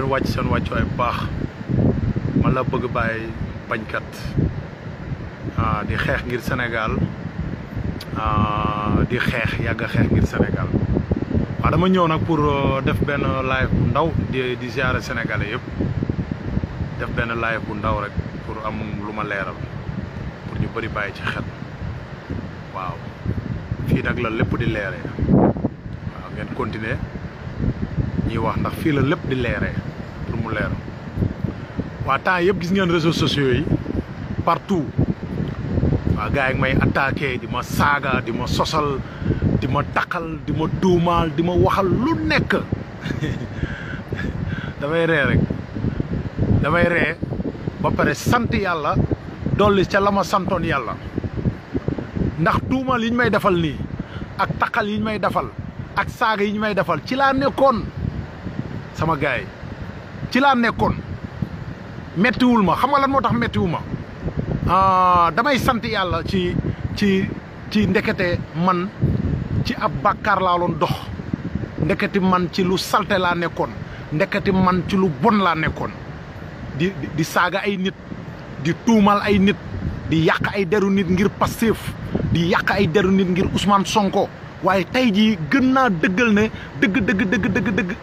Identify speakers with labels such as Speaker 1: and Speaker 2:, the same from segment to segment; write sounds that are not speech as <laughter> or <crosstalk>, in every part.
Speaker 1: leen wàcc seen wàccuwaay bu baax man la bëgg bàyyi bañkat ah, di xeex ngir Sénégal ah, di xeex yàgg a xeex ngir dama ñëw nag pour euh, def benn live bu ndaw di di ziare Sénégalais yëpp def benn live bu ndaw rek pour am lu ma leeral pour ñu bëri bàyyi ci xet waaw fii nag la lépp di leeree waaw ngeen continuer ñuy wax ndax fii la lépp di leere mu waa temps yëpp gis ngeen réseaux sociaux yi partout waa gars yi may attaqué di ma saaga di ma sosal di ma taqal di ma duumaal di ma waxal lu nekk <laughs> damay ree rek damay ree ba pare sant yàlla dolli ca la ma santoon yàlla ndax duumaal yi ñu may defal nii ak taqal yi ñu may defal ak saaga yi ñu may defal ci laa nekkoon sama gars yi ci laa nekkoon méttiwul ma xam nga lan moo tax méttiwu ma ah, damay sant yàlla ci ci ci ndekete man ci ab bàkkaar laa loon dox ndeketi man ci lu salte laa nekkoon ndeketi man ci lu bon laa nekkoon di di saaga ay nit di tuumal ay nit di yàq ay deru nit ngir Pastef di yàq ay deru nit ngir Ousmane Sonko waaye tey jii gën naa dëggal ne dëgg dëgg dëgg dëgg dëgg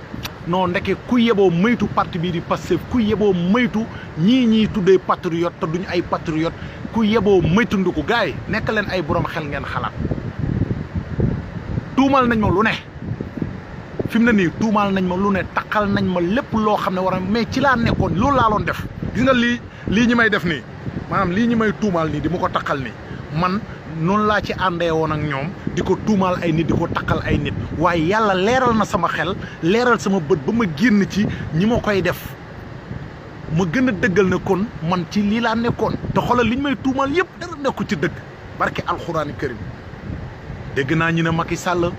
Speaker 1: non ndeke ku yeboo moytu parti bii di Pastef ku yeboo moytu ñii ñiy tuddee patriote te duñ ay patriote ku yeboo moytundiku gars yi nekk leen ay borom xel ngeen xalaat tuumaal nañ ma lu ne fi mu ne nii tuumal nañ ma lu ne taqal nañ ma lépp loo xam ne war mais ci laa nekkoon loolu laa loon def gis nga lii lii ñi may def nii maanaam lii ñi may tuumal nii di ma ko taqal nii man noonu laa ci àndee woon ak ñoom di ko tuumaal ay nit di ko takkal ay nit waaye yàlla leeral na sama xel leeral sama bët ba ma génn ci ñi ma koy def ma gën dëggal ne kon man ci lii laa nekkoon te xoolal li ñu may tuumaal yëpp dara nekku ci dëgg barke alxuraani karim dégg naa ñu ne i sàll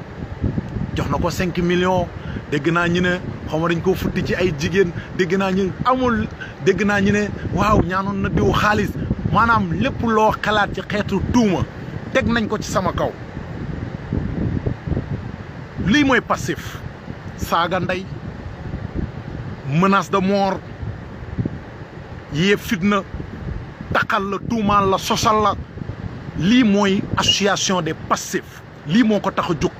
Speaker 1: jox na ko cinq millions dégg naa ñu ne xaw ma dañ koo futti ci ay jigéen dégg naa ñu amul dégg naa ñu ne waaw ñaanoon na diw xaalis maanaam lépp loo xalaat ci xeetu tuuma teg nañ ko ci sama kaw lii mooy passif saaga ndey menace de mor yee fitna taqal la tuumaal la sosal la lii mooy association de passifs lii moo ko tax a jóg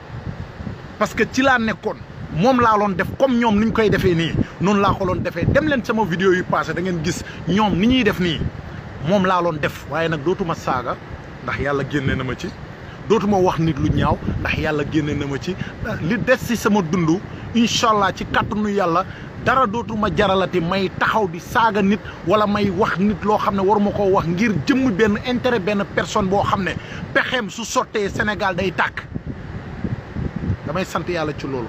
Speaker 1: parce que ci laa nekkoon moom laa loon def comme ñoom ni ñu koy defee nii noonu laa ko loon defee dem leen sama vidéo yu passé da ngeen gis ñoom ni ñuy def nii moom laa loon def waaye nag dootuma saaga ndax yàlla génne na ma ci dootuma wax nit lu ñaaw ndax yàlla génne na ma ci li des si sama dund incha allah ci kàttanu yàlla dara dootuma jaralati may taxaw bi saaga nit wala may wax nit loo xam ne waruma ko wax ngir jëmm benn intérêt benn personne boo xam ne pexeem su sottee senegal day tàkk damay sant yàlla ci loolu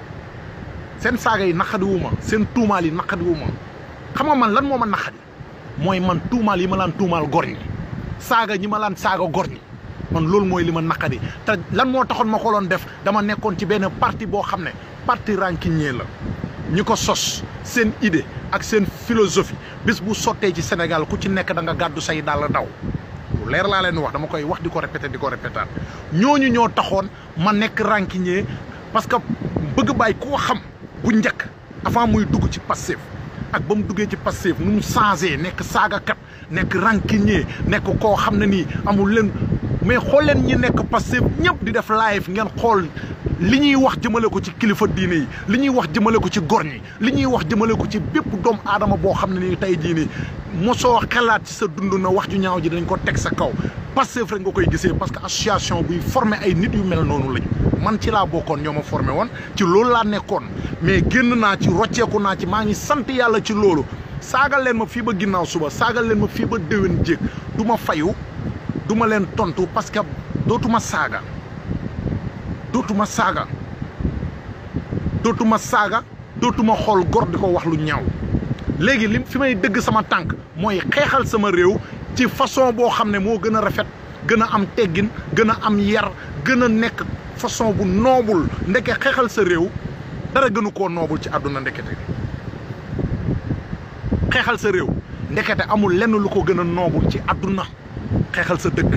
Speaker 1: seen saaga yi naqadiwu ma seen tuumaal yi naqadiwu ma xam nga man lan moo ma naqadi mooy man tuumaal yi ma laan tuumaal gor ñi saaga ñi ma laan gor ñi man loolu mooy li ma naqari te lan moo taxoon ma ko doon def dama nekkoon ci benn parti boo xam ne parti rancunier la ñi ko sos seen idée ak seen philosophie bés bu sottee ci Sénégal ku ci nekk da nga gàddu say dàll daw lu leer laa leen wax dama koy wax di ko répété di ko répétaat ñooñu ñoo taxoon ma nekk rancunier parce que bëgg bàyyi koo xam bu njëkk avant muy dugg ci Pastef ak ba mu duggee ci Pastef nu mu changé nekk saagakat nekk rancunier nekk koo xam ne nii amul leen mais xool leen ñi nekk Pastef ñëpp di def live ngeen xool li ñuy wax jëmale ko ci kilifa diine yi li ñuy wax jëmale ko ci gor ñi li ñuy wax jëmale ko ci bépp doomu aadama boo xam ne nii tey jii nii mosoo xalaat ci sa dund na wax ju ñaaw ji dañ ko teg sa kaw Pastef rek nga koy gisee parce que association buy formé ay nit yu mel noonu lañu man ci laa bokkoon ñoo ma formé woon ci loolu laa nekkoon mais génn naa ci rocceeku naa ci maa ngi sant yàlla ci loolu saagal leen ma fii ba ginnaaw suba saagal leen ma fii ba déwén jéeg du ma fayu du ma leen tontu parce que dootuma saaga dootuma saaga dootuma saaga dootuma xool góor di ko wax lu ñaaw léegi li fi may dëgg sama tànk mooy xeexal sama réew ci façon boo xam ne moo gën a rafet gën a am teggin gën a am yar gën a nekk façon bu noobul ndeke xeexal sa réew dara gënu ko noobul ci àdduna ndekete xeexal sa réew ndekete amul lenn lu ko gën a noobul ci àdduna xeexal sa dëkk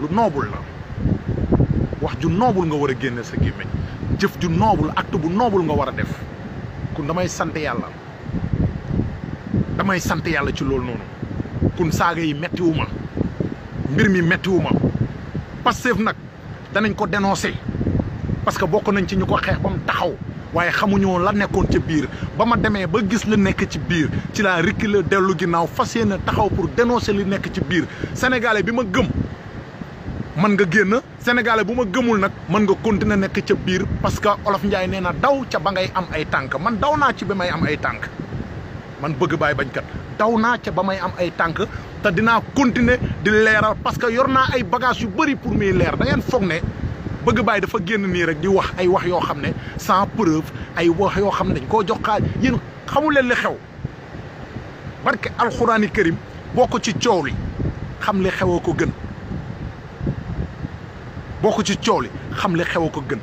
Speaker 1: lu noobul la wax ju noobul nga war a génne sa gémmiñ jëf ju noobul acte bu noobul nga war a def kun damay sant yàlla damay sant yàlla ci loolu noonu kun saaga yi mettiwu ma mbir mi mettiwu ma Pastef nag danañ ko dénoncer parce que bokk nañ ci ñu ko xeex ba taxaw waaye xamuñu woon la nekkoon ca biir ba ma demee ba gis la nekk ci biir ci laa reculer dellu ginnaaw fas yéene taxaw pour dénoncer li nekk ci biir sénégalais bi ma gëm mën nga génn sénégalais bu ma gëmul nag mën nga continuer nekk ca biir parce que olof Njaay nee na daw ca ba ngay am ay tànk man daw naa ci ba may am ay tànk man bëgg baay bañkat daw naa ca ba may am ay tànk te dinaa continuer di leeral parce que yor naa ay bagages yu bëri pour muy leer da ngeen foog bëgg bàyyi dafa génn nii rek di wax ay wax yoo xam ne sans preuve ay wax yoo xam ne dañ koo jox xaalis yéen xamu leen li xew barke alxuraani karim bokk ci coow li xam li xewoo ko gën bokk ci coow li xam li xewoo ko gën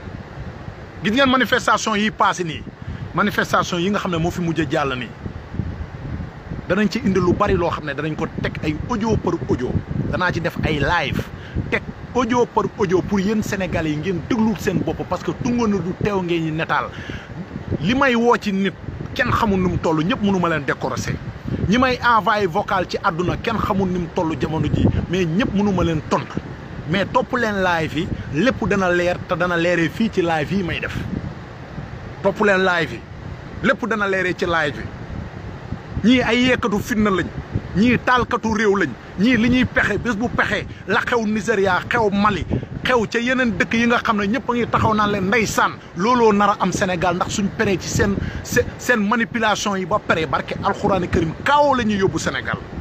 Speaker 1: gis ngeen manifestation yi paase nii manifestation yi nga xam ne moo fi mujj jàll nii danañ ci indi lu bari loo xam ne danañ ko teg ay audio par audio danaa ci def ay layf teg audio par audio pour yéen senegal yi ngeen déglu seen bopp parce que Tunguanu du teew ngeen ñi netaal li may woo ci nit kenn xamul nu mu toll ñëpp mënu ma leen décorosé ñi may envoyé vocal ci àdduna kenn xamul ni mu jamono ji mais ñëpp mënu ma leen tontu mais topp leen laay yi lépp dana leer te dana leeree fii ci laay yi may def topp leen laay yi lépp dana leeree ci live yi ñii ay yekkatu fitna lañ. ñii taalkatu réew lañ ñii li ñuy pexe bés bu pexe la xew Nigéria xew Mali xew ca yeneen dëkk yi nga xam ne ñëpp ngi taxaw na leen saan looloo nar am Sénégal ndax suñ peree ci seen seen manipulation yi ba pere barke alxuraani karim kaawoo la ñuy yóbbu Sénégal.